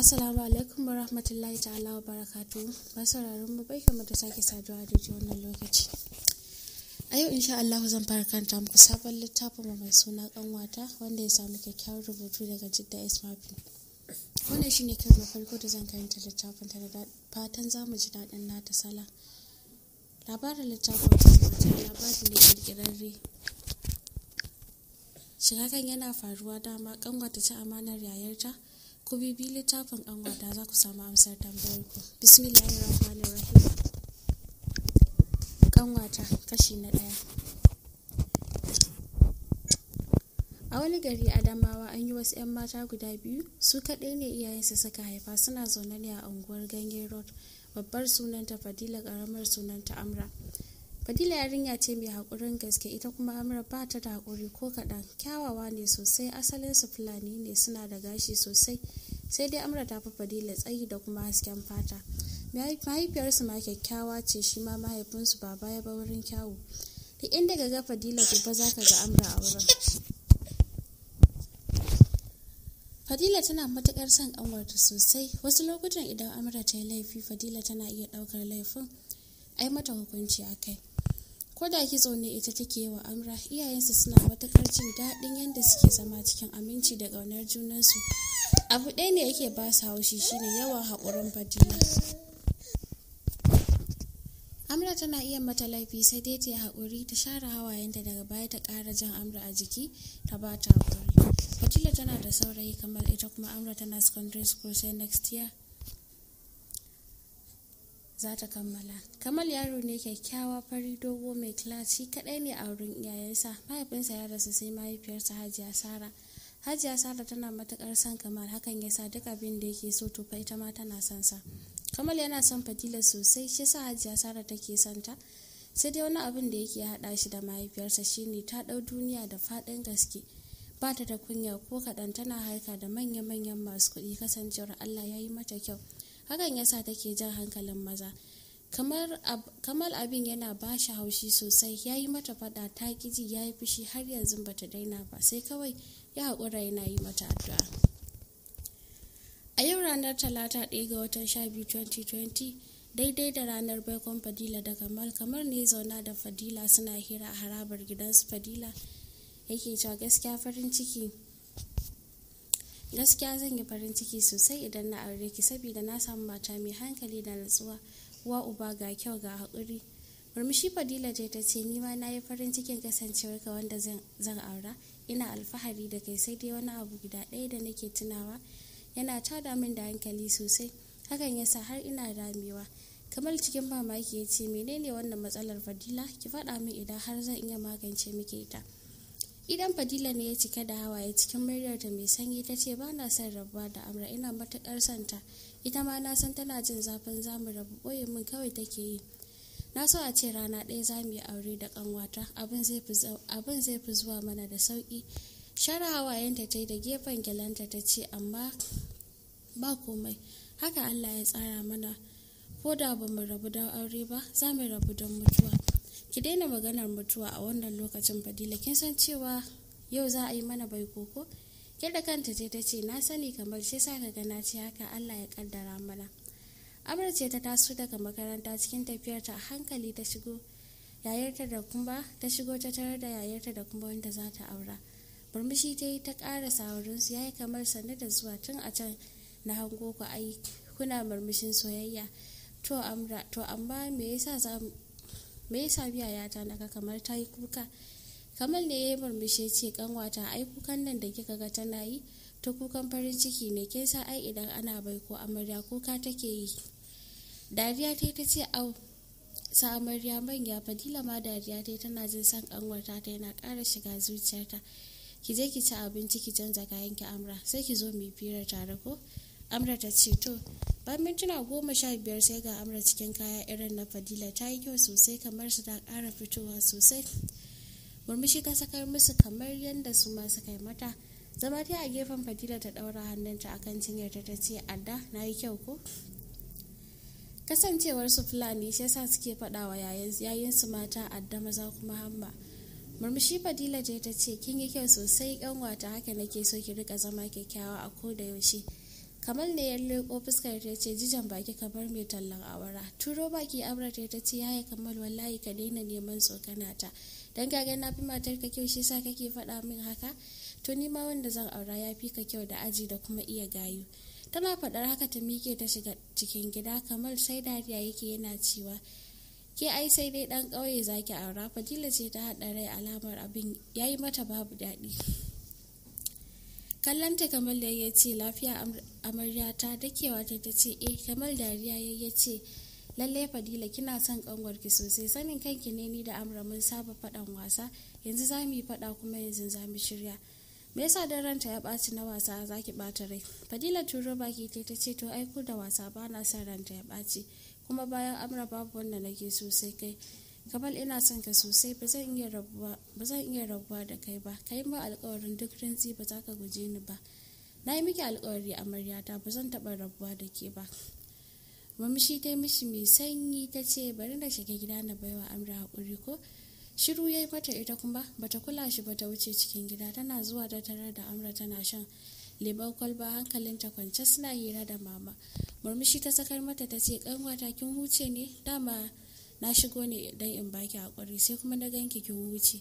Assalamu alaikum wa rahmatullahi ta'ala wa barakatu. Masararin mu bai kama da sake saduwa da ji wannan lokaci. A yau insha Allah zan fara kanta muku sabon littafin mu mai suna kanwata wanda ya samu kyakkyawar rubutu daga Jidda Ismail. Wannan ne kan na farko da zan karanta littafin ta da fatan za mu ji daɗin nata sala. Labarin littafin kanwata labari ne kirkirarre Shiga kan yana faruwa dama kanwata ta amanar yayarta. ku bibi littafin an wata za ku samu amsar tambayar ku kan wata kashi na ɗaya a wani gari adamawa an yi wasu 'yan mata guda biyu su kaɗai ne iyayensu suka haifa suna zaune ne a unguwar ganyen road babbar sunanta fadila ƙaramar sunanta amra fadila yarinya ce mai haƙurin gaske ita kuma amra ba ta da haƙuri ko kaɗan kyawawa ne sosai asalin su fulani ne suna da gashi sosai sai dai amra ta fi fadila tsayi da kuma hasken fata mahaifiyarsu ma kyakkyawa ce shi ma mahaifinsu ba baya ba wurin kyawu duk inda ka ga fadila gobe za ka ga amra a wurin Fadila tana matuƙar son ƙanwarta sosai, wasu lokutan idan Amira ta yi laifi Fadila tana iya ɗaukar laifin, ai mata hukunci a kai. ko da ki ne ita take wa amra iyayensu suna wata jin daɗin yadda suke zama cikin aminci da ƙaunar junansu abu ɗaya ne yake ba su haushi shine yawan haƙurin fadila amra tana iya mata laifi sai dai ta yi haƙuri ta share hawayenta daga baya ta ƙara jan amra a jiki ta ba ta haƙuri fadila tana da saurayi kamar ita kuma amra tana secondary school sai next year za ta kammala kamal yaro ne kyakkyawa fari dogo mai class shi kadai ne a wurin iyayensa mahaifinsa ya rasu sai mahaifiyarsa hajiya sara hajiya sara tana matukar son kamal hakan ya sa duk abin da yake so to fa ita ma tana son sa kamal yana son fadila sosai shi sa hajiya sara take son ta sai dai wani abin da yake hada shi da mahaifiyarsa shine ta dau duniya da fadin gaske ba ta da kunya ko kadan tana harka da manya-manyan masu kuɗi kasancewar allah ya yi mata kyau hakan yasa take jan hankalin maza kamal abin yana ba shi haushi sosai ya yi mata fada ta kiji ya yi fushi har yanzu bata daina ba sai kawai ya haƙura yana yi mata addu'a a yau ranar talata ɗaya ga watan sha 2020 daidai da ranar baikon fadila da kamal kamar ne zauna da fadila suna hira a harabar gidansu fadila yake cewa gaskiya farin ciki gaskiya zan yi farin ciki sosai idan na aure ki saboda na samu mata mai hankali da natsuwa wa uba ga kyau ga haƙuri murmushi fadila je ta ce ni ma na yi farin cikin kasancewarka wanda zan aura ina alfahari da kai sai dai wani abu guda ɗaya da nake tunawa yana tada min da hankali sosai hakan ya sa har ina ramewa kamar cikin mamaki ya ce menene wannan matsalar fadila ki faɗa min idan har zan iya magance miki ita idan fadila ne ya cike da hawaye cikin muryar ta mai sanyi ta ce ba na son rabuwa da amra ina matukar santa ita ma na san tana jin zafin zamu rabu boye min kawai take yi na so a ce rana ɗaya za mu yi aure da ƙanwata abin zai fi zuwa mana da sauƙi shara hawayenta ta yi da gefen gyalanta ta ce amma ba komai haka allah ya tsara mana ko da ba mu rabu don aure ba za mu rabu don mutuwa ki daina maganar mutuwa a wannan lokacin fadila kin san cewa yau za a yi mana bai koko kirda kanta ce ta ce na sani kamar shi sa ka na ce haka allah ya kaddara mana amurce ce ta taso daga makaranta cikin tafiyarta a hankali ta shigo yayarta da kumba ta shigo ta tarar da yayarta da kuma wanda za ta aura murmushi ta yi ta ƙara sawarinsu ya yi kamar sannu da zuwa tun a can na hango ku ai kuna murmushin soyayya to amma me yasa me yasa biya ya ta daga kamar ta yi kuka kamal ne ya yi murmushi ce kanwata ai kukan nan da kika ga tana yi ta kukan farin ciki ne kin sa ai idan ana bai ko amarya kuka take yi dariya ta ta ce au sa amarya manya fadila ma dariya ta tana jin san kanwarta ta yana ƙara shiga zuciyarta ki je ki ci abinci ki canza kayan ki amra sai ki zo mu fira tare ko amra ta ce to ba mintuna goma sha biyar sai ga amra cikin kaya irin na fadila ta yi kyau sosai kamar su ta ƙara fitowa sosai murmushi ta sakar musu kamar yadda su masu kai mata zama ta a gefen fadila ta ɗaura hannunta akan cinyarta ta ce adda na yi kyau ko kasancewar su fulani shi yasa suke faɗa wa yayin su mata adda maza kuma hamma murmushi fadila ta ce kin yi kyau sosai yan wata haka nake so ki rika zama kyakkyawa a ko da yaushe kamar ne ya ko fuskar ta ce jijan baki kamar mai tallan awara turo baki abra ta ce yaya kamar wallahi ka daina neman tsokana ta dan kaga na fi matar ka kyau shi sa kake faɗa min haka to ni ma wanda zan aura ya fi ka kyau da aji da kuma iya gayu tana faɗar haka ta mike ta shiga cikin gida kamar sai dariya yake yana cewa ke ai sai dai dan ƙauye zaki aura fadila ce ta haɗa rai alamar abin yayi mata babu daɗi ta kamar da ya ce lafiya amarya ta dakewa ta ta ce eh kamar dariya ya ya ce lallai fadila kina son kanwarki sosai sanin kanki ne ni da amra mun saba faɗan wasa yanzu za mu yi faɗa kuma yanzu za mu shirya me yasa dan ranta ya ɓaci na wasa za ki ɓata rai fadila turo baki ta ta ce to aiko da wasa ba na son ranta ya ɓaci kuma bayan amra babu wanda nake so sai kai gabal ina son ka sosai ba zan iya rabuwa da kai ba kai ma alkawarin duk rintsi ba za ka guje ni ba na yi miki alkawari amaryata ba zan taɓa rabuwa da ke ba murmushi ta mishi mai sanyi ta ce bari na shiga gida na baiwa amra hakuri ko shiru ya yi mata ita kuma bata kula shi ba ta wuce cikin gida tana zuwa da tarar da amra tana shan leban kwalba hankalin ta kwance suna hira da mama murmushi ta sakar mata ta ce kanwata kin huce ne dama na shigo ne idan in baki haƙuri sai kuma na ganki ki wuce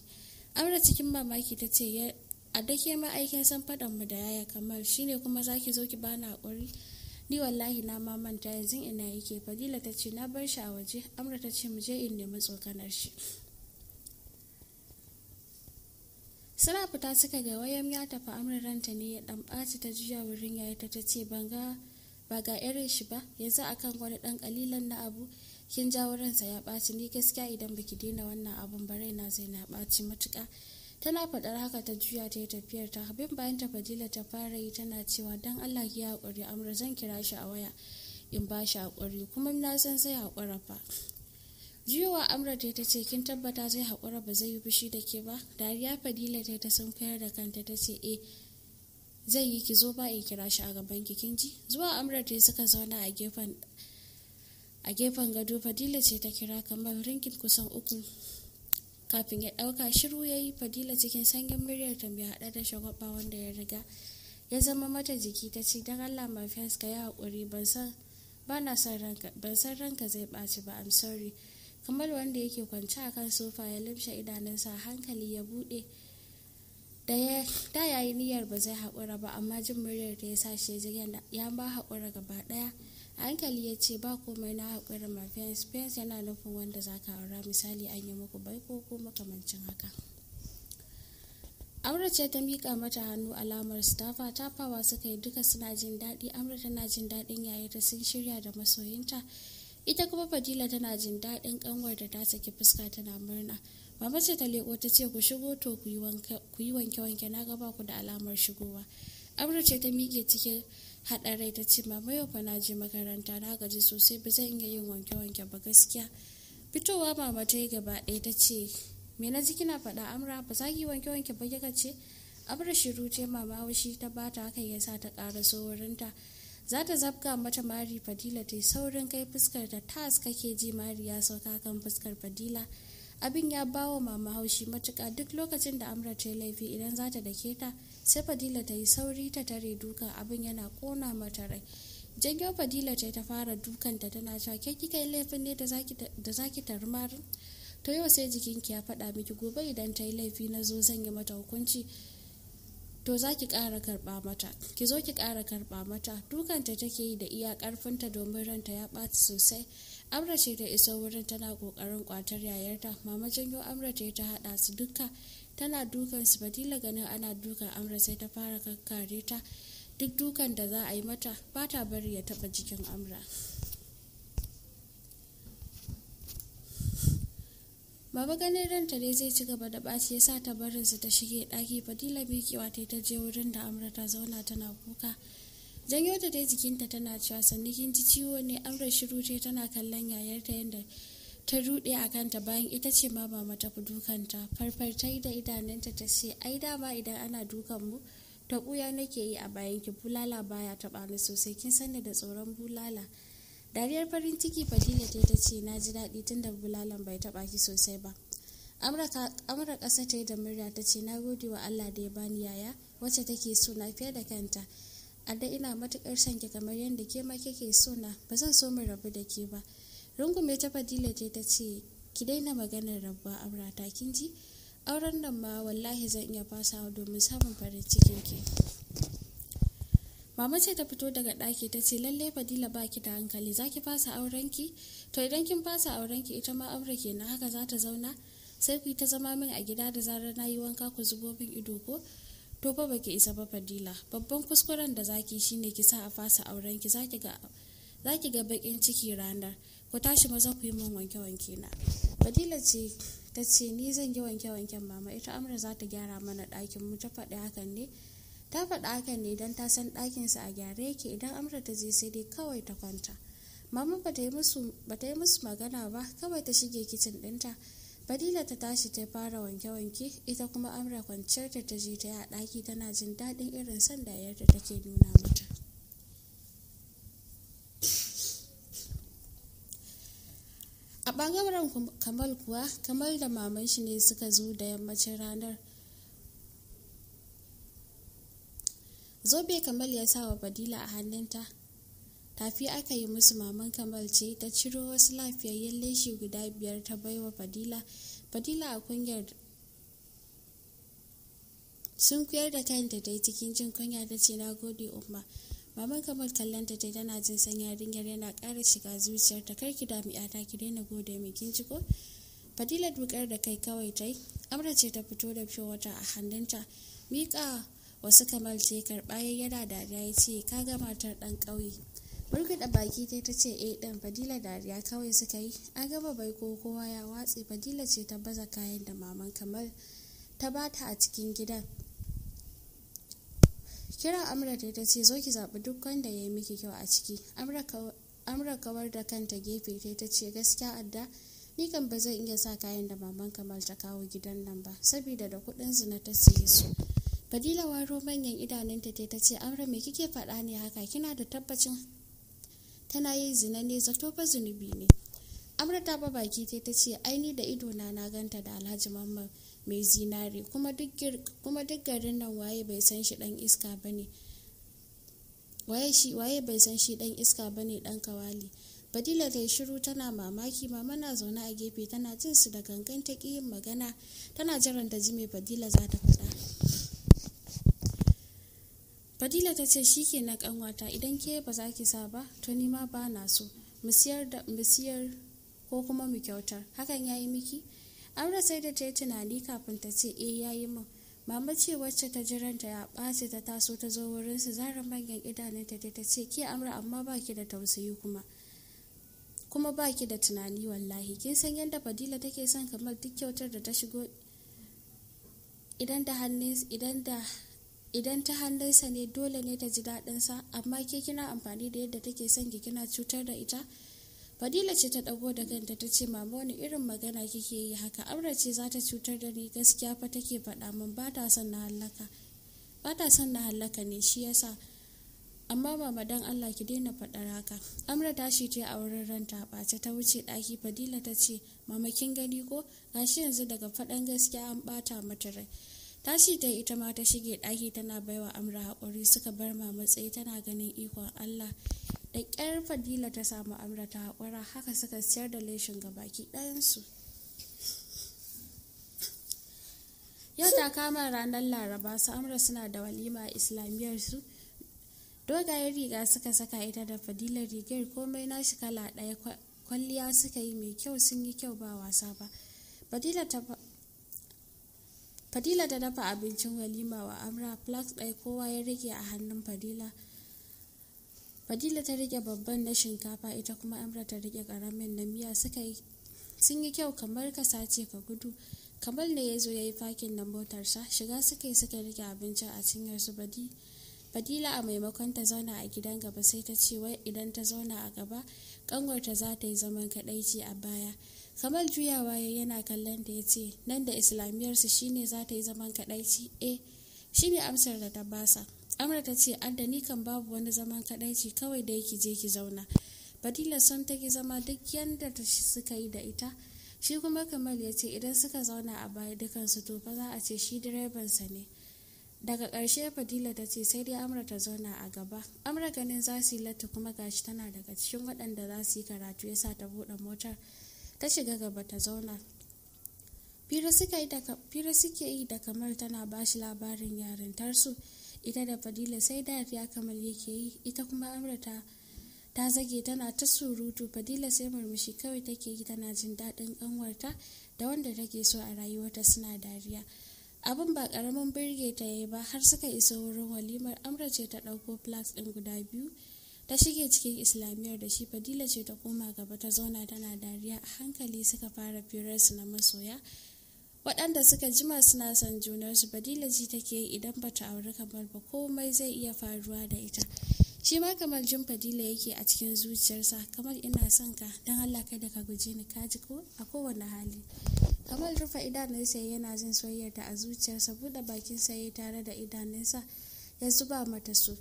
amra cikin mamaki ta ce a dake ma aikin san faɗan mu da yaya kamar shine kuma zaki zo ki bani haƙuri ni wallahi na ma manta yanzu ina yake fadila ta ce na bar shi a waje amra ta ce mu je in nemi tsokanar shi suna fita suka ga wayan ya tafi amra ranta ne ya dan baci ta juya wurin yayi ta ta ce ban ba ga irin shi ba yanzu akan gwani dan kalilan na abu kin jawo ransa ya ɓaci ni gaskiya idan baki daina wannan abun ba raina zai na ɓaci matuƙa tana faɗar haka ta juya ta yi tafiyar ta bin bayan ta fadila ta fara yi tana cewa dan allah ki haƙuri amra zan kira shi a waya in ba shi haƙuri kuma na san zai haƙura fa juyowa amra ta ta ce kin tabbata zai haƙura ba zai yi fushi da ke ba dariya fadila ta ta sun kayar da kanta ta ce eh zai yi ki zo ba in kira shi a gaban ki kin ji zuwa amra ta suka zauna a gefen a gefen gado fadila ce ta kira kamar rinkin kusan uku kafin ya ɗauka shiru ya yi fadila cikin sanyin muryar tambi haɗe da shagwaba wanda ya riga ya zama mata jiki ta ce don allah mafias ka yi haƙuri ban san ranka zai ɓaci ba i'm sorry kamar wanda yake kwance a kan sofa ya limshe idanunsa hankali ya buɗe da ya yi niyyar ba zai haƙura ba amma jin muryar da ya sa shi ya ya ba haƙura gaba ɗaya hankali ya ce ba komai na haƙuri mafiyan spence yana nufin wanda za ka aura misali an yi muku baiko ko makamancin haka amra ta miƙa mata hannu alamar staffa tafawa suka yi duka suna jin daɗi amra tana jin daɗin yayata sun shirya da masoyinta ita kuma fadila tana jin daɗin ƙanwar da ta saki fuska tana murna mama ce ta leƙo ta ce ku shigo to ku yi wanke-wanke na gaba ku da alamar shigowa amra ta miƙe cikin haɗar rai ta ce mama yau fa na makaranta na gaji sosai ba zan iya yin wanke-wanke ba gaskiya fitowa mama ta yi gaba ɗaya ta ce me na ji kina faɗa amra ba za ki wanke-wanke ba kika ce amra shiru ce mama haushi ta bata hakan ya sa ta ƙara saurinta. ta za ta zabga mata mari fadila ta yi saurin kai fuskar ta tas kake ji mari ya sauka kan fuskar fadila abin ya bawa mama haushi matuka duk lokacin da amra ta yi laifi idan za ta dake ta sai fadila ta yi sauri ta tare duka abin yana kona mata rai janyo fadila ce ta fara dukanta tana cewa ke kika yi laifin ne da zaki tarmar to yau sai jikinki ya faɗa miki gobe idan ta yi laifi na zo zan yi mata hukunci to za ki ƙara karɓa mata ki zo ki ƙara karɓa mata dukanta take yi da iya ƙarfinta domin ranta ya ɓata sosai amra ce ta iso wurin tana ƙoƙarin ƙwatar yayarta mama janyo amra ce ta haɗa su duka. tana dukan su batila ganin ana dukan amra sai ta fara kakkare ta duk dukan da za a yi mata ba ta bari ya taba jikin amra baba ganin ranta ne zai ci gaba da ɓaci ya sa ta barin su ta shige ɗaki fadila miƙewa ta ta je wurin da amra ta zauna tana kuka janyo ta dai jikinta tana cewa sannu kin ji ciwo ne amra shiru ce tana kallon yayarta yadda ta rude a kanta bayan ita ce ma ba tafi ku dukanta farfar ta da idanunta ta ce ai dama idan ana dukan mu ta ƙuya nake yi a bayan ki bulala baya taɓa ni sosai kin sani da tsoron bulala dariyar farin ciki fadila ta ta ce na ji daɗi tun da bulalan bai taba ki sosai ba amurka ƙasa ta yi da murya ta ce na gode wa allah da ya bani yaya wacce take so na fiye da kanta a da ina matuƙar son kamar yadda ke ma kike so na ba zan so mu rabu da ke ba rungume ta fadila ce ta ce ki daina maganar rabba ta kin ji auren nan ma wallahi zan iya fasawa domin samun farin cikin ki mama ce ta fito daga ɗaki ta ce lalle fadila baki da hankali za ki fasa aurenki to idan kin fasa aurenki ita ma aure kenan haka za ta zauna sai ku ta zama min a gida da zarar na yi wanka ku zubo bin ido ko to fa baki isa ba fadila babban kuskuren da zaki shine ki sa a fasa aurenki zaki ga zaki ga bakin ciki ranar ku tashi maza ku yi min wanke-wanke na fadila ce ta ce ni zan yi wanke-wanken mama ita amra za ta gyara mana ɗakin mu ta faɗi hakan ne ta faɗi hakan ne don ta san ɗakin sa a gyare yake idan amra ta je sai dai kawai ta kwanta mama ba ta yi musu magana ba kawai ta shige kicin ɗinta fadila ta tashi ta fara wanke-wanke ita kuma amra kwanciyar ta je ta yi a ɗaki tana jin daɗin irin son da take nuna mata a bangaren kamal kuwa kamal da maman shi ne suka zo da yammacin ranar zobe kamal ya sa wa badila a hannunta tafi aka yi musu maman kamal ce ta ciro wasu lafiyayyen leshi guda biyar ta baiwa badila badila a kungiyar sun kuyar da kanta dai cikin jin kunya ta ce na gode umma Maman kamar kallon ta tai tana jin san yarinyar yana ƙara shiga zuciyar ta kar ki dami ta ki daina gode min kin ji ko. Fadila dukar da kai kawai tai amra ce ta fito da fiye wata a hannunta miƙa wasu kamal ce karɓa yana dariya ya ce ka ga matar ɗan ƙauye burgada baki dai ta ce eh ɗan fadila dariya kawai suka yi an gama bai ko kowa ya watse fadila ce ta baza kayan da maman kamar ta bata a cikin gidan kira amra ta ce zo ki zaɓi duk wanda ya yi miki kyau a ciki amra kawar da kanta gefe ta ta ce gaskiya adda ni kan ba zai iya sa kayan da maman kamal ta kawo gidan nan ba saboda da kuɗin zina ta siye su fadila waro manyan idanunta ta ce amra me kike faɗa ne haka kina da tabbacin tana yin zina ne zato fa zunubi ne amra ta ba baki ta ce ai ni da idona na ganta da alhaji mamman mai zinare kuma duk garin nan waye bai san shi dan iska ba ne waye bai san shi dan iska ne dan kawali badila ta shiru tana mamaki mama na zaune a gefe tana jin su da gangan ta yin magana tana jiran ta ji mai badila za ta faɗa badila ta ce shi ke na kanwata idan ke ba za ki sa ba to nima ma ba na so mu siyar ko kuma mu kyautar hakan ya yi miki aure sai da ta yi tunani kafin ta ce eh ya yi min mama ce wacce ta jiranta ya ɓaci ta taso ta zo wurin su zarar manyan idanun ta ta ce ke amra amma baki da tausayi kuma kuma baki da tunani wallahi kin san yadda fadila take son kamar duk kyautar da ta shigo idan idan ta hannunsa ne dole ne ta ji daɗinsa amma ke kina amfani da yadda take son ki kina cutar da ita fadila ce ta ɗago da kanta ta ce mama wani irin magana kike yi haka amra ce za ta cutar da ni gaskiya fa take faɗa min ba ta son na hallaka ba ta son na hallaka ne shi yasa amma mama dan Allah ki daina faɗar haka amra tashi ta a wurin ranta ɓace ta wuce ɗaki fadila ta ce mama kin gani ko gashi yanzu daga faɗan gaskiya an ɓata mata rai tashi ta ita ma ta shige ɗaki tana baiwa amra haƙuri suka bar mama tsaye tana ganin ikon Allah da ƙyar fadila ta samu amra ta haƙura haka suka siyar da leshin baki ɗayansu yau ta kama ranar laraba su amra suna da walima a islamiyyar su dogaye riga suka saka ita da fadilar rigar komai nashi kala ɗaya kwalliya suka yi mai kyau sun yi kyau ba wasa ba fadila ta dafa abincin walima wa amra flax ɗaya kowa ya rage a hannun fadila fadila ta rike babban na shinkafa ita kuma amra ta rike karamin na miya suka yi sun yi kyau kamar ka sace ka gudu kamal ne ya zo ya yi fakin na motarsa shiga suka yi suka rike abincin a cinyar su badi fadila a maimakon ta zauna a gidan gaba sai ta ce wai idan ta zauna a gaba ƙanwarta za ta yi zaman kadaici a baya kamal juyawa ya yana kallon da ya ce nan da islamiyarsu shine za ta yi zaman kadaici eh shine amsar da ta basa amra ta ce adda ni kan babu wani zaman kadaici kawai da ki je ki zauna badila sun ta zama duk yadda ta suka yi da ita shi kuma kamal ya ce idan suka zauna a baya dukansu to fa za a ce shi direbansa ne daga ƙarshe fadila ta ce sai dai amra ta zauna a gaba amra ganin za su yi latta kuma gashi tana daga cikin waɗanda za su yi karatu ya sa ta buɗe motar ta shiga gaba ta zauna fira suke yi da kamar tana bashi labarin yarintarsu ita da fadila sai dariya kamar yake yi ita kuma amurata ta zage tana ta surutu fadila sai murmushi kawai take yi tana jin daɗin ƙanwarta da wanda take so a rayuwarta suna dariya abin ba ƙaramin birge ta yi ba har suka iso wurin walimar amra ce ta ɗauko flags ɗin guda biyu ta shige cikin islamiyyar da shi fadila ce ta koma gaba ta zauna tana dariya a hankali suka fara firarsu na masoya waɗanda suka jima suna son junarsu badila ji take idan ba ta auri kamar ba komai zai iya faruwa da ita shi ma kamar jin fadila yake a cikin zuciyarsa kamar ina son ka don allah kada ka guje ni ka ji ko a kowane hali kamar rufe idanunsa yana jin soyayyarta a zuciyarsa buɗe bakin sa tare da idanunsa ya zuba mata su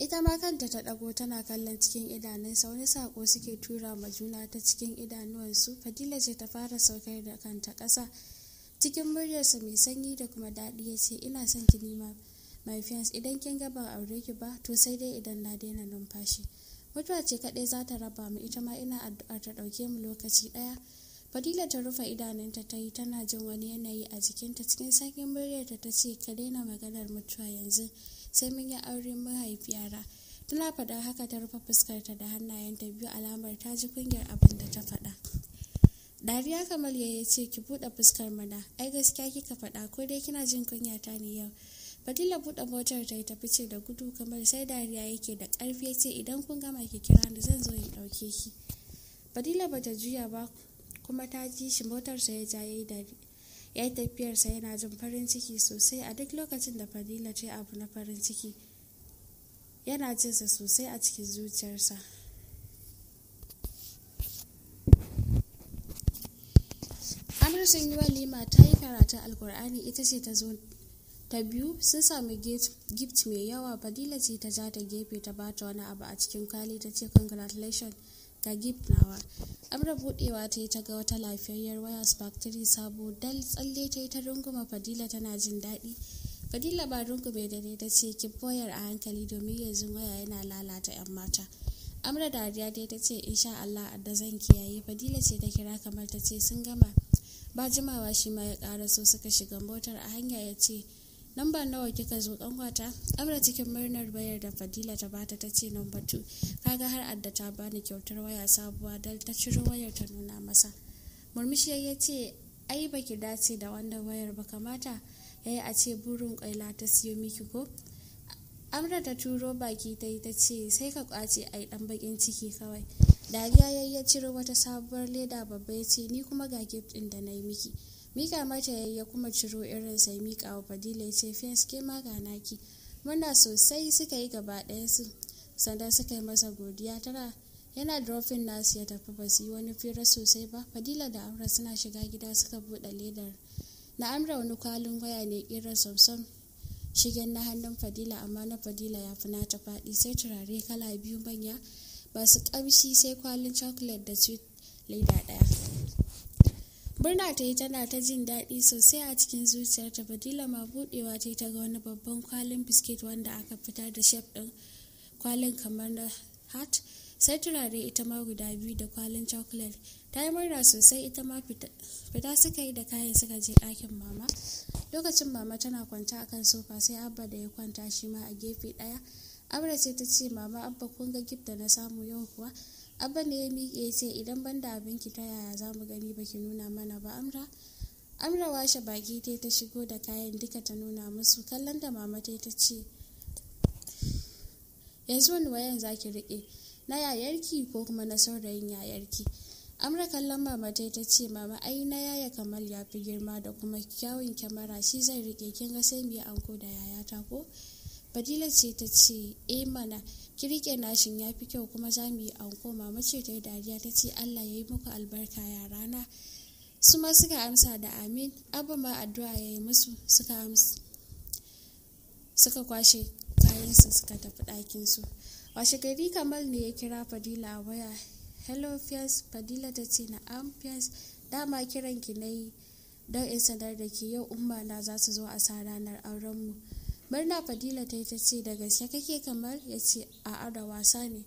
ita ma kanta ta dago tana kallon cikin idanunsa wani sako suke tura ma juna ta cikin idanuwansu fadila ce ta fara saukar da kanta ƙasa cikin muryarsa mai sanyi da kuma daɗi ya ce ina son ki nima my fiance idan kin ga ban aure ki ba to sai dai idan na daina numfashi mutuwa ce kaɗai za ta raba mu ita ma ina addu'a ta ɗauke mu lokaci ɗaya fadila ta rufe idanunta ta yi tana jin wani yanayi a jikinta cikin sanyin muryarta ta ce ka daina maganar mutuwa yanzu sai mun yi aure mun haifi yara tana faɗa haka ta rufe fuskarta da hannayen ta biyu alamar ta ji kungiyar abin da ta faɗa dariya kamar ya yi ce ki buɗe fuskar mana ai gaskiya kika faɗa ko dai kina jin kunya ta ne yau fadila buɗe motar ta yi tafi ce da gudu kamar sai dariya yake da ƙarfi ya ce idan kun gama ki kira ni zan zo in ɗauke ki fadila bata juya ba kuma ta ji shi motarsa ya ja ya yi dariya ya yi tafiyarsa yana jin farin ciki sosai a duk lokacin da fadila ce abu na farin ciki yana jinsa sosai a cikin zuciyarsa sun yi walima ta yi karatun alkur'ani ita ce ta zo ta biyu sun sami gift mai yawa fadila ce ta ja ta gefe ta bata wani abu a cikin kwali ta ce congratulations ga gib amra budewa ta yi ta ga wata lafiyayyar waya factory sabo dal tsalle ta yi ta runguma fadila tana jin daɗi fadila ba rungume da ne ta ce ki boyar a hankali domin yanzu waya yana lalata 'yan mata amra dariya dai ta ce sha allah da zan kiyaye fadila ce ta kira kamar ta ce sun gama ba jimawa shi ma ya ƙara so suka shiga motar a hanya ya ce lambar nawa kika zo kanwata amra cikin murnar bayar da fadila ta bata ta ce number two kaga har adda ta bani kyautar waya sabuwa dal ta ciro wayar ta nuna masa murmushi ya ce ai baki dace da wannan wayar ba kamata yayi a ce burin kwaila ta siyo miki ko amra ta turo baki ta yi ta ce sai ka kwace ai dan bakin ciki kawai dariya yayi ya ciro wata sabuwar leda babba ya ce ni kuma ga gift din da nayi miki mika mata yayyakuma ya kuma ciro irin sai mika wa fadila ya ce fiyas ke magana ki murna sosai suka yi gaba su sannan suka yi masa godiya tana yana dropping nasu ya tafi ba su yi wani fira sosai ba fadila da amra suna shiga gida suka buɗe ledar na amra wani kwalin waya ne irin samson shigen na hannun fadila amma na fadila ya fi nata faɗi sai turare kala biyu manya ba su ƙamshi sai kwalin chocolate da sweet leda ɗaya Murna ta yi tana ta jin daɗi sosai a cikin zuciyarta Badila ma buɗewa ta yi ta ga wani babban kwalin biskit wanda aka fitar da shef ɗin kwalin kamar na hat sai turare ita ma guda biyu da kwalin chocolate ta yi murna sosai ita ma fita suka yi da kayan suka je ɗakin mama lokacin mama tana kwanta a kan sofa sai abba da ya kwanta shi ma a gefe ɗaya abra ce ta ce mama abba kun ga gift da na samu yau kuwa abba ne ya miƙe ya ce idan ban da abinki ta yaya za mu gani baki nuna mana ba amra amra washe baki ta ta shigo da kayan duka ta nuna musu kallon da mama ta ta ce yanzu wani wayan za ki riƙe na yayarki ko kuma na saurayin yayarki amra kallon mama ta ta ce mama ai na yaya kamal ya fi girma da kuma kyawun kyamara shi zai riƙe kin ga sai mu yi anko da yayata ko fadila ce ta ce e mana ki na nashin ya fi kyau kuma za mu yi an koma mace ta yi dariya ta ce allah ya yi muku albarka ya rana su ma suka amsa da amin abu ma addu'a ya yi musu suka amsa suka kwashe kayansu suka tafi ɗakin su. washe gari kamar ne ya kira fadila a waya hello fias fadila ta ce na'am fias dama kiran ki na yi don in sanar da ke yau umma na za su zo a sa ranar mu. murna fadila ta yi ta ce da gaske kake kamar ya ce a ada wasa ne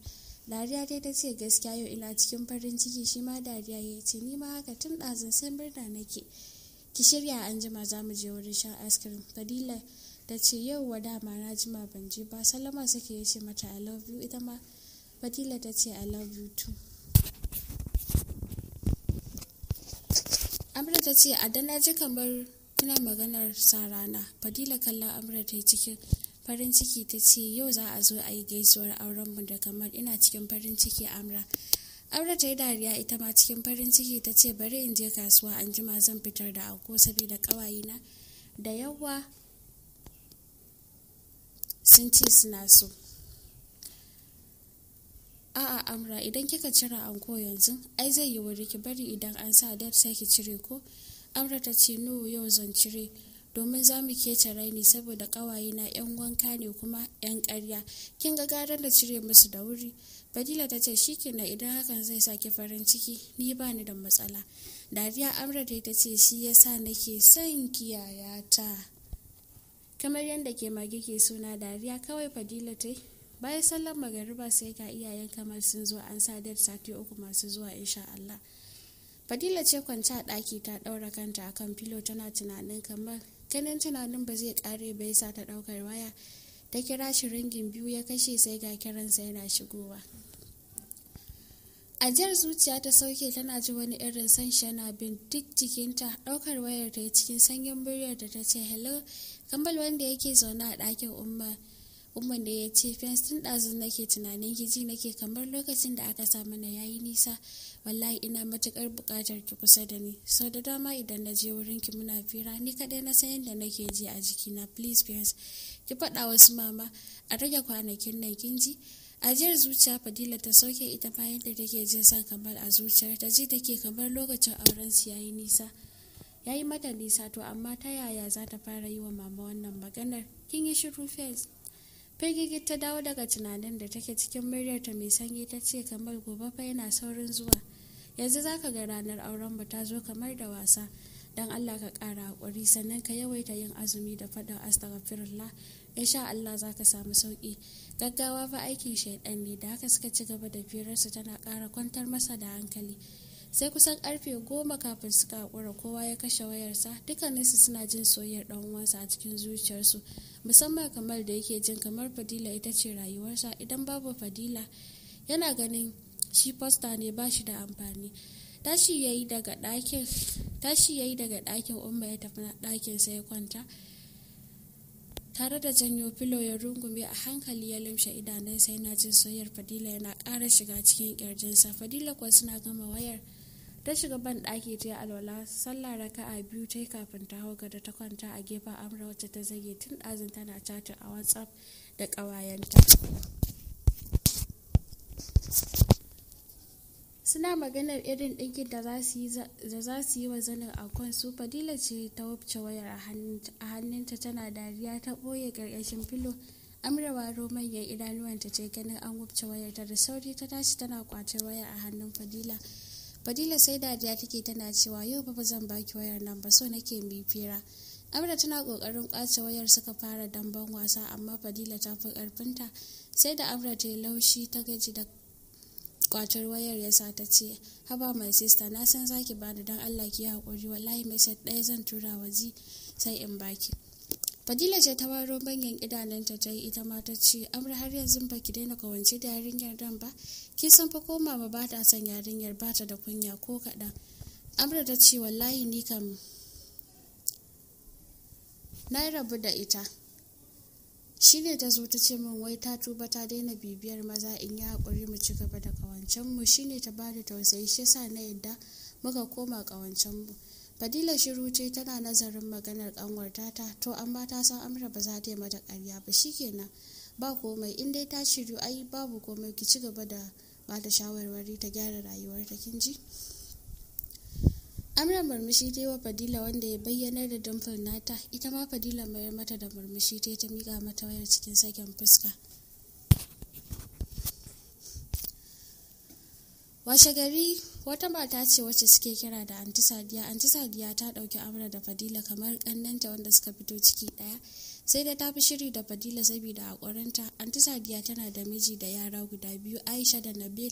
dariya ta ce gaskiya yau ina cikin farin ciki shi ma dariya ya ce ni ma haka tun ɗazun sai murna nake ki shirya an jima za mu je wurin shan ice cream fadila ta ce yau wa dama na jima ban je ba salama suke ya ce mata i love you ita ma fadila ta ce i love you too amurka ta ce a dana ji kamar Tana maganar sa rana, Fadila kallon amurka ta cikin farin ciki ta ce yau za a zo a yi gaisuwar aurenmu da kamar ina cikin farin ciki Amra. Amra ta yi dariya ita ma cikin farin ciki ta ce bari in je kasuwa an jima zan fitar da ako saboda ƙawayena da yawa sun ce suna so. A'a Amra idan kika cire anko yanzu ai zai yi wuri ki bari idan an sa dat sai ki cire ko. amra ta ce no yau zan cire domin za mu keta raini saboda kawaye na yan wanka ne kuma yan karya kin ga garan da cire musu da wuri fadila ta ce shikenan idan hakan zai sake farin ciki ni ba ni da matsala dariya amra dai ta ce shi yasa nake son kiyayata kamar yadda ke mage ke suna dariya kawai fadila ta bayan sallar magariba sai ga iyayen kamar sun zo an sadar sati uku masu zuwa insha Allah fadila ce kwance a ɗaki ta ɗaura kanta akan filo tana tunanin kamar ganin tunanin ba zai ƙare bai sa ta ɗaukar waya ta kira shi ringin biyu ya kashe sai ga kiransa yana shigowa ajiyar zuciya ta sauke tana ji wani irin san shana bin duk jikinta ɗaukar wayar ta yi cikin sanyin muryar da ta ce hello kambal wanda yake zaune a ɗakin umma umar da ya ce fens tun na nake tunanin giji nake kamar lokacin da aka sa mana yayi nisa wallahi ina matukar buƙatar ki kusa da ni sau da dama idan na je wurin ki muna fira ni kaɗai na san yadda nake ji a jikina please fens ki faɗa wasu mama a rage kwanakin nan kin ji ajiyar zuciya fadila ta sauke ita bayan da take jin san kamar a zuciyar ta ji take kamar lokacin auren su yayi nisa yayi mata nisa to amma ta yaya za ta fara yi wa mama wannan maganar kin yi shiru fes firgigi ta dawo daga tunanin da take cikin muryarta mai sanyi ta ce kamar gobe fa yana saurin zuwa yanzu za ka ga ranar auren mu ta zo kamar da wasa don allah ka kara hakuri sannan ka yawaita yin azumi da fadar astaghfirullah insha allah za ka samu sauki gaggawa fa aikin shaiɗan ne da haka suka ci gaba da firarsu tana kara kwantar masa da hankali sai kusan karfe goma kafin suka haƙura kowa ya kashe wayarsa su suna jin soyayyar dan uwansa a cikin zuciyarsu musamman kamar da yake jin kamar fadila ita ce rayuwarsa idan babu fadila yana ganin shi fosta ne ba shi da amfani tashi ya yi daga ɗakin umma ya tafi ɗakin sai ya kwanta tare da janyo filo ya rungume a hankali ya lumshe idanunsa yana jin soyayyar fadila yana ƙara shiga cikin ƙirjinsa fadila kuwa suna gama wayar ta shiga ban ɗaki ta yi alwala sallah raka'a biyu ta yi kafin ta hau gada ta kwanta a gefen amra wacce ta zage tun ɗazin tana chatin a whatsapp da ƙawayenta suna maganar irin ɗinkin da za su yi wa zanin akon su fadila ce ta wuce wayar a hannunta tana dariya ta ɓoye ƙarƙashin filo amurwa manyan idanuwanta ce ganin an wuce wayar ta da sauri ta tashi tana kwace waya a hannun fadila fadila sai dadiya take tana cewa yau ba zan baki wayar nan ba so nake mi fira amra tana kokarin kwace wayar suka fara damban wasa amma fadila ta fi karfinta sai da amra ta yi laushi ta gaji da kwatar wayar ya sa ta ce haba my sister na san zaki bani don allah ki hakuri wallahi mai ɗaya zan tura waje sai in baki fadila ce ta waro banyan idananta ta yi ita ma ta ce amra har yanzu ba ki daina kawance da yarinyar dan ba kin san fa ko mama ba ta son yarinyar ba ta da kunya ko kaɗan amra ta ce wallahi ni kam na rabu da ita shi ne ta zo ta ce min wai ta tuba ta daina bibiyar maza in yi haƙuri mu ci gaba da kawancen mu shi ne ta bada tausayi shi sa na yadda muka koma kawancen mu fadila shiru ce tana nazarin maganar kanwar tata to amma ta san amra ba za ta yi mata karya ba shi shikenan ba komai in dai ta shiru ai babu komai ki ci gaba da bata shawarwari ta gyara rayuwar ta kinji amra murmushi ta yi wa fadila wanda ya bayyanar da damfar nata ita ma fadila mai mata da murmushi ta yi ta miƙa mata wayar cikin sakin fuska washe gari wata mata ce wacce suke kira da antisadiya antisadiya ta dauki amra da fadila kamar kananta wanda suka fito ciki daya sai da ta fi shiri da fadila saboda haƙorinta antisadiya tana da miji da yara guda biyu aisha da nabil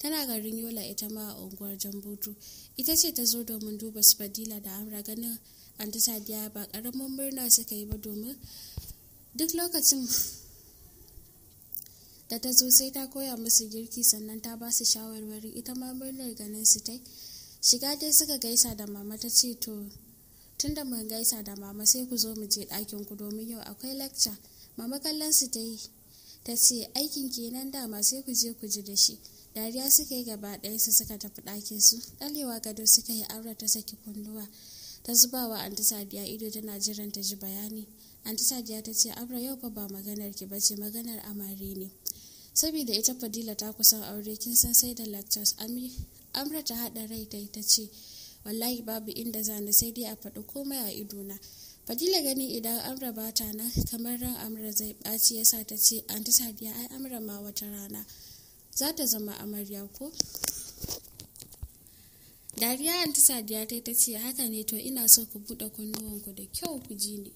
tana garin yola ita ma a unguwar jambutu ita ce ta zo domin duba su fadila da amra ganin antisadiya ba karamin murna suka yi ba domin duk lokacin da ta zo sai ta koya musu girki sannan ta ba su shawarwari ita ma murnar ganin su tai shiga dai suka gaisa da mama ta ce to tun da mun gaisa da mama sai ku zo mu je ɗakin ku domin yau akwai lecture mama kallon su ta yi ta ce aikin kenan dama sai ku je ku ji da shi dariya suka yi gaba ɗaya su suka tafi ɗakin su ɗalewa gado suka yi aure ta saki kunduwa ta zuba wa anti sadiya ido tana jiran ta ji bayani anti sadiya ta ce a'ura yau fa ba maganar ki ba ce maganar amare ne saboda ita fadila ta kusan aure kin san sai da lectures amra ta hada rai dai ta ce wallahi babu inda zani sai dai a faɗi komai a idona fadila gani idan amra ba ta nan kamar ran amra zai ɓaci yasa ta ce an ta sabiya ai amra ma wata rana za ta zama amarya ko dariya an ta sadiya ta ce haka ne to ina so ku buɗe kunnuwanku da kyau ku ji ni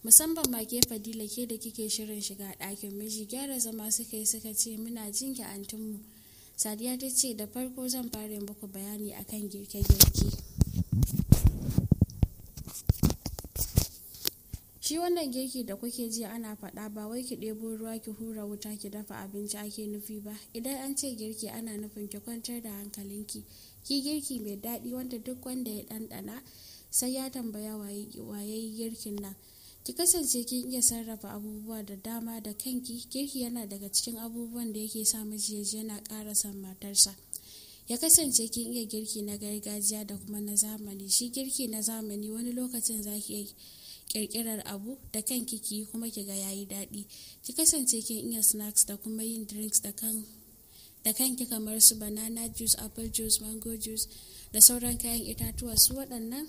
musamman ma ke fadila ke da kike shirin shiga ɗakin miji gyara zama suka yi suka ce muna jin ki antinmu sadiya ta ce da farko zan fara muku bayani akan girke-girke shi wannan girki da kuke ji ana faɗa ba wai ki ɗebo ruwa ki hura wuta ki dafa abinci ake nufi ba idan an ce girki ana nufin ki kwantar da hankalinki ki girki mai daɗi wanda duk wanda ya ɗanɗana sai ya tambaya waye girkin nan ki kasance kin iya sarrafa abubuwa da dama da kanki kirki yana daga cikin abubuwan da yake sa miji yana kara son matarsa ya kasance kin iya girki na gargajiya da kuma na zamani shi girki na zamani wani lokacin za ki iya kirkirar abu da kanki ki kuma ki ga yayi daɗi ki kasance kin iya snacks da kuma yin drinks da kan da kanki kamar su banana juice apple juice mango juice da sauran kayan itatuwa su waɗannan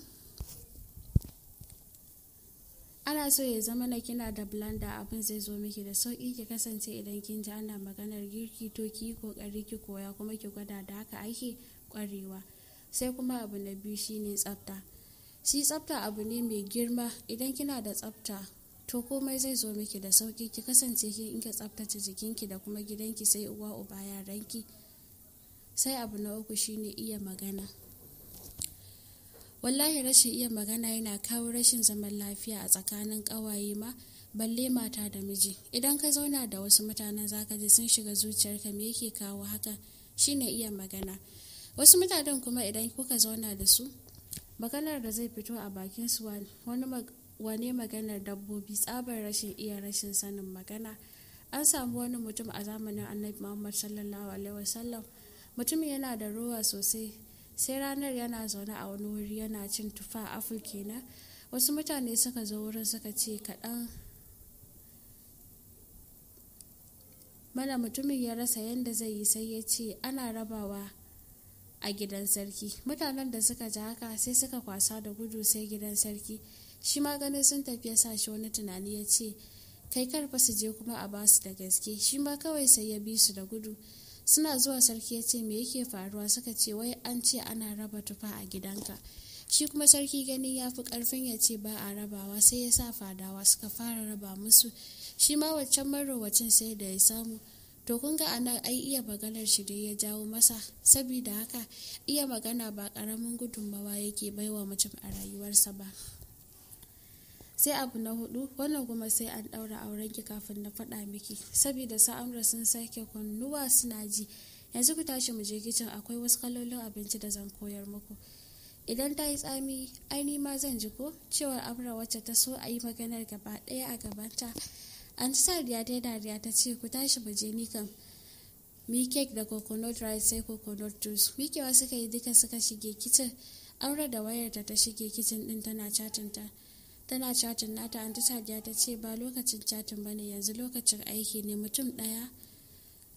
ana so ya zama na kina da blanda abin zai zo miki da sauki ki kasance idan kin ji ana maganar girki to ki yi kokari ki koya kuma ki gwada da haka ake kwarewa sai kuma abu na biyu shine tsafta shi tsafta abu ne mai girma idan kina da tsafta to komai zai zo miki da sauki ki kasance ki inga tsaftace jikinki da kuma gidanki sai uwa uba yaranki sai abu na uku shine iya magana wallahi rashin iya magana yana kawo rashin zaman lafiya a tsakanin ƙawaye ma balle mata da miji idan ka zauna da wasu mutanen zaka ji sun shiga zuciyarka me yake kawo haka shine iya magana wasu mutanen kuma idan kuka zauna da su maganar da zai fito a bakin su wani wane maganar dabbobi tsabar rashin iya rashin sanin magana an samu wani mutum a zamanin annabi muhammad sallallahu alaihi wasallam mutumin yana da ruwa sosai sai ranar yana zaune a wani wuri yana cin tufa a kenan wasu mutane suka zo wurin suka ce kaɗan mana mutumin ya rasa yadda zai yi sai ya ce ana rabawa a gidan sarki mutanen da suka ji haka sai suka kwasa da gudu sai gidan sarki shi ma ganin sun tafi ya sa shi wani tunani ya ce kai karfa su je kuma a basu da gaske shi ma kawai sai ya bi su da gudu suna zuwa sarki ya ce me yake faruwa suka ce wai an ce ana raba tufa a gidanka shi kuma sarki gani ya fi karfin ya ce ba a rabawa sai ya sa fadawa suka fara raba musu shi ma waccan marowacin sai da ya samu to kun ga anan ai iya maganar shi da ya jawo masa sabida haka iya magana ba karamin gudunmawa yake baiwa mutum a rayuwarsa ba sai abu na hudu wannan kuma sai an daura auren ki kafin na faɗa miki saboda Amra sun sake kunnuwa suna ji yanzu ku tashi mu je kicin akwai wasu kalolin abinci da zan koyar muku idan ta yi tsami ai ni ma zan ji ko cewar amra wacce ta so a yi maganar gaba ɗaya a gabanta an ci sariya ta dariya ta ce ku tashi mu je ni kan mi kek da coconut rice sai coconut juice mikewa suka yi duka suka shige kicin Amra da wayarta ta shige kicin din tana chatin ta tana chatin nata an ta sadiya ta ce ba lokacin chatin ba ne yanzu lokacin aiki ne mutum ɗaya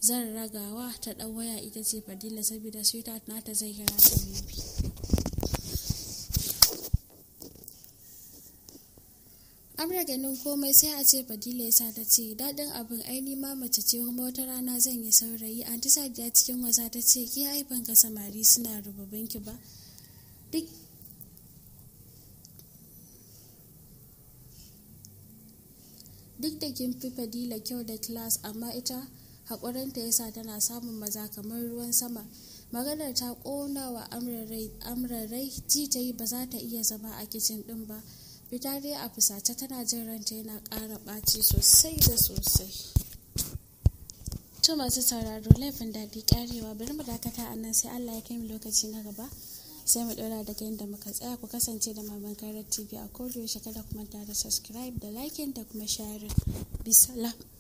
zan ragawa ta ɗan waya ita ce fadila saboda sweetheart nata zai kira ta bibi amra ganin komai sai a ce fadila ya sa ta ce daɗin abin aini ma mace ce kuma wata rana zan yi saurayi anti sadiya cikin wasa ta ce ki haifan ka samari suna rububin ba duk duk da kin fi fadila kyau da class amma ita haƙurinta yasa tana samun maza kamar ruwan sama maganar ta ƙona wa amrarai ji ta yi ba za ta iya zama a kicin ɗin ba fita dai a fusace tana jin ranta yana ƙara ɓaci sosai da sosai to masu sauraro laifin daɗi ƙarewa bari mu dakata a nan sai allah ya kai mu lokaci na gaba sai mu ɗora daga yadda muka tsaya ku kasance da maman karar tv a kodiyo kada kuma da subscribe da liking da kuma sharing bisalam